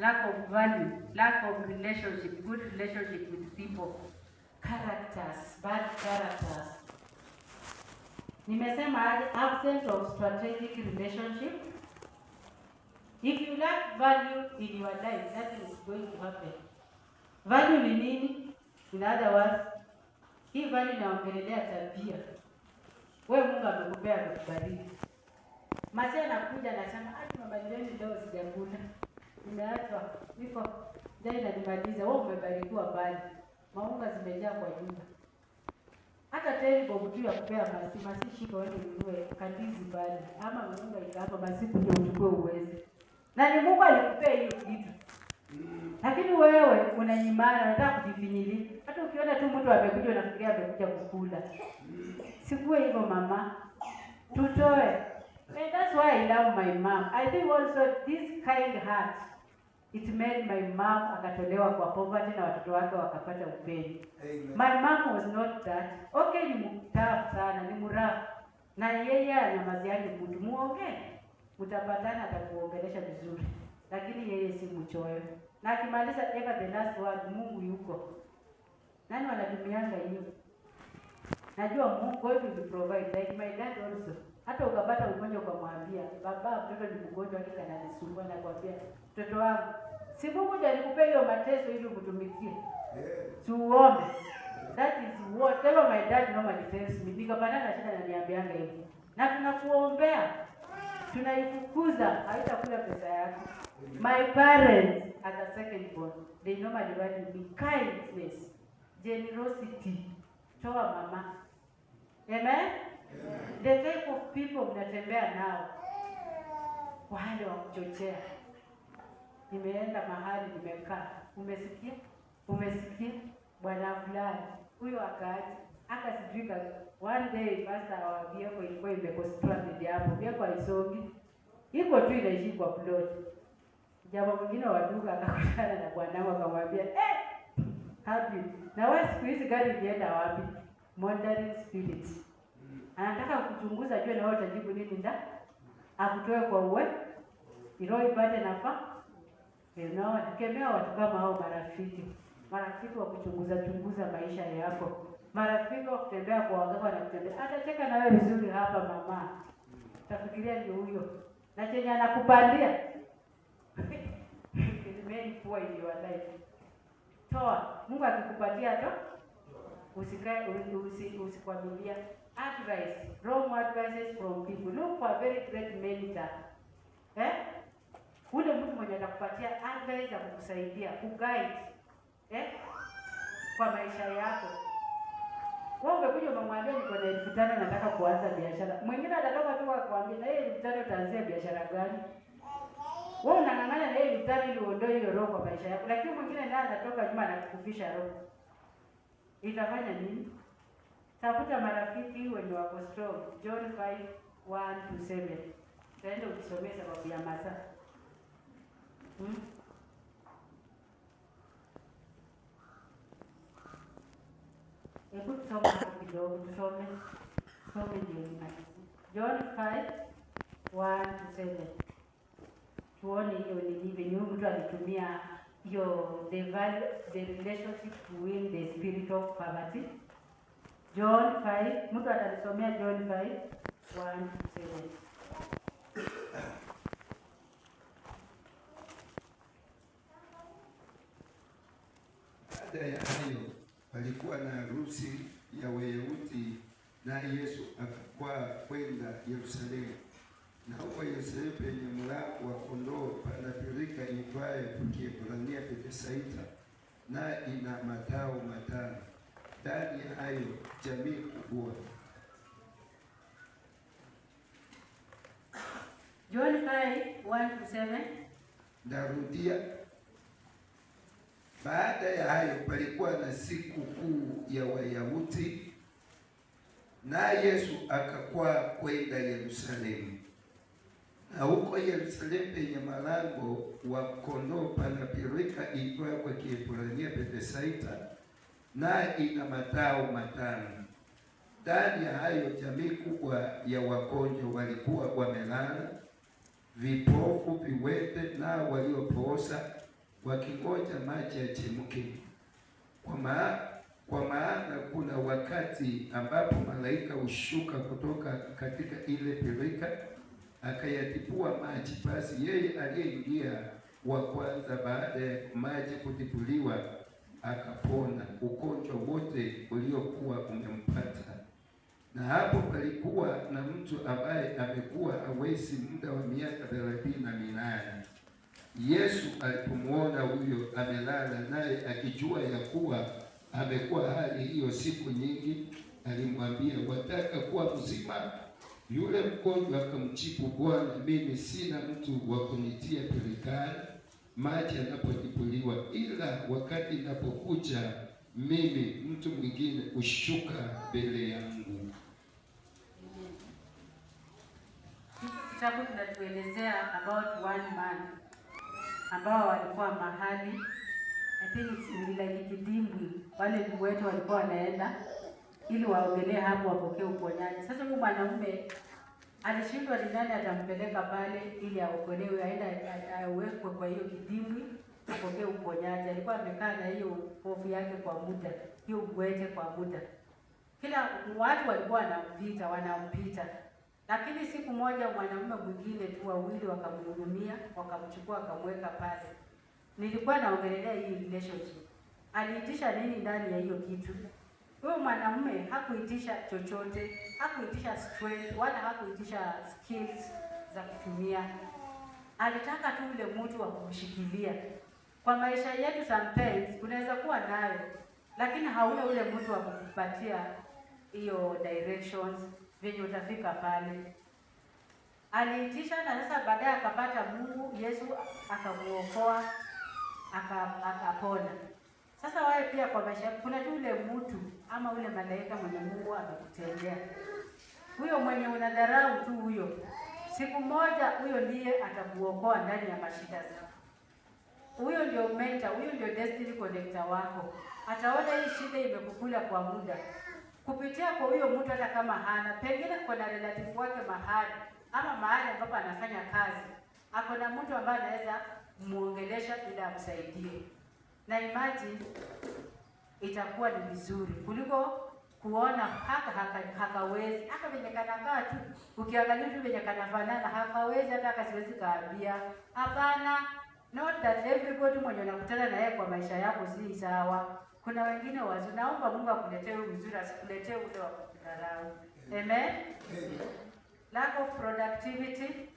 lack of value, lack of relationship, good relationship with people, characters, bad characters. Nimesema aje? Absence of strategic relationship. If you lack value in your life, that is going to happen. Value ni nini? In other words, hii value inaongelelea tabia. Wewe Mungu amekupea kukubariki. Masia anakuja anasema, "Ati mama leo sijakula." Nimeachwa niko jana, nimaliza wewe, umebarikiwa mbali, maunga zimejaa kwa nyumba, hata teli kwa mtu ya kupea basi basi, shika wewe ununue kandizi mbali, ama maunga ile hapa basi, kuja uchukue uweze, na ni Mungu alikupea hiyo kitu, lakini wewe unanyimana, unataka kujifinyili. Hata ukiona tu mtu amekuja unafikiria amekuja kukula. Sikuwe hivyo mama, tutoe. And that's why I love my mom. I think also this kind heart It meant my mom akatolewa kwa poverty na watoto wake wakapata upenyo. My mom was not that. Okay, ni mtafu sana, ni mrafu. Na yeye anyamaziani mtu muongee. Mtapatana atakuongelesha vizuri. Lakini yeye si mchoyo. Na akimaliza ever the last word, Mungu yuko. Nani wanatumianga hiyo? Najua Mungu God will provide like my dad also. Hata ukapata ugonjwa kwa mwambia, baba mtoto ni mgonjwa kika na ananisumbua na kwambia mtoto wangu, si Mungu ndiye alikupa hiyo mateso ili ukutumikie, Tuombe. That is what tell my dad normally tells me, nikapatana na shida naniambianga hivi, na tunakuombea, tunaifukuza, haitakula pesa yako. My parents as a second born, they normally value me kindness, generosity, toa mama. Amen. The type of people mnatembea nao wale wa kuchochea nimeenda mahali nimekaa, umesikia umesikia bwana fulani huyo akaaje hata sijui one day basa wa Bieko ilikuwa imekostranded hapo. Bieko haisongi iko tu inaishi kwa plot. Jamaa mwingine wa duka akakutana na wangu akamwambia eh, happy na wewe siku hizi gari imeenda wapi? Modern spirit anataka kuchunguza, jua na wewe utajibu nini, nda akutoe kwa uwe, ilo ipate nafaa Unaona, Nawakemea watu kama hao, marafiki marafiki wa kuchunguza chunguza maisha yako, marafiki wa kutembea kwa waganga na kutembea, atacheka na wewe vizuri hapa mama, tafikiria ndio huyo na chenye anakupandia kuwa ili wadai toa. Mungu akikupatia to usikae usi, usi, usikwamilia advice, wrong advices from people. Look for very great mentor eh ule mtu mwenye atakupatia advice na kukusaidia kuguide eh, kwa maisha yako. Wewe umekuja unamwambia niko na elfu tano nataka kuanza biashara, mwingine atatoka tu akwambia na yeye elfu tano utaanzia biashara gani? Wewe unang'ang'ana na yeye elfu tano ili uondoe hiyo roho kwa maisha yako, lakini mwingine naye anatoka nyuma kukufisha roho. Itafanya nini? Tafuta marafiki wenye wako strong. John 5:1 7 Tende ukisomea sababu ya masaa Hebu tusome kidogo, tusome tusome John 5:1 to 7. Tuone hiyo ni hivi, ni mtu alitumia hiyo the value the relationship to the spirit of poverty. John 5 mtu atalisomea John 5:1 to 7. Baada ya hayo palikuwa na harusi ya Wayahudi, naye Yesu akakwa kwenda Yerusalemu. Na huko Yerusalemu penye mlango wa kondoo pana birika iitwayo kwa Kiebrania Betsaida, na ina matao matano. Ndani ya hayo jamii kubwa. John 5:1-7. Ndarudia baada ya hayo palikuwa na siku kuu ya Wayahudi, na Yesu akakwaa kwenda Yerusalemu. Na huko Yerusalemu penye malango wa kondoo pana birika iitwayo kwa Kiebrania Bethsaida, na ina matao matano. Ndani ya hayo jamii kubwa ya wagonjwa walikuwa wamelala, vipofu, viwete, nao waliopooza wakingoja maji yachemke, kwa maana kwa maana kuna wakati ambapo malaika hushuka kutoka katika ile pirika akayatipua maji, basi yeye aliyeingia wa kwanza baada ya maji kutipuliwa akapona ugonjwa wote uliokuwa umempata. Na hapo palikuwa na mtu ambaye amekuwa awesi muda wa miaka thelathini na minane. Yesu alipomwona huyo amelala, naye akijua ya kuwa amekuwa hali hiyo siku nyingi, alimwambia, wataka kuwa mzima? Yule mgonjwa akamjibu, Bwana, mimi sina mtu wa kunitia perikani maji yanapotipuliwa, ila wakati inapokuja mimi mtu mwingine hushuka mbele yangu. Kitabu kinatuelezea about one man ambao walikuwa mahali I think like kidimbwi, wale ndugu wetu walikuwa wanaenda ili waongelee hapo wapokee uponyaji. Sasa huyu mwanaume alishindwa ni nani atampeleka pale ili aokolewe, aenda awekwe kwa hiyo kidimbwi apokee uponyaji. Alikuwa amekaa na hiyo hofu yake kwa muda, hiyo ubwete kwa muda, kila watu walikuwa wanampita wanampita lakini siku moja mwanamume mwingine tu wawili wakamhudumia, wakamchukua, wakamweka pale. Nilikuwa naongelelea hii relationship. Aliitisha nini ndani ya hiyo kitu? Huyo mwanamume hakuitisha chochote, hakuitisha strength wala hakuitisha skills za kutumia. Alitaka tu ule mtu wa kumshikilia. Kwa maisha yetu sometimes unaweza kuwa nayo, lakini hauna ule mtu wa kukupatia hiyo directions venye utafika pale. Aliitisha na sasa baadaye akapata Mungu, Yesu akamuokoa akapona. sasa waye pia kwa maisha, kuna tu ule mtu ama ule malaika mwenye Mungu akakutendea, huyo mwenye unadharau tu huyo, siku moja huyo ndiye atakuokoa ndani ya mashida zako. Huyo ndio mentor, huyo ndio destiny connector wako. Ataona hii shida imekukula kwa muda kupitia kwa huyo mtu, hata kama hana pengine, kuna relative wake mahali ama mahali ambapo anafanya kazi, ako na mtu ambaye anaweza muongelesha ili amsaidie, na imagine itakuwa ni vizuri kuliko kuona haka haka hakawezi haka venye kanakaa tu, ukiangalia tu venye kanafanana, hakawezi hata akasiwezi kaambia hapana. Not that everybody mwenye unakutana na yeye kwa maisha yako si sawa. Kuna wengine wazi, naomba Mungu akuletee mzuri, asikuletee ule wa kudharau. Amen. Lack of productivity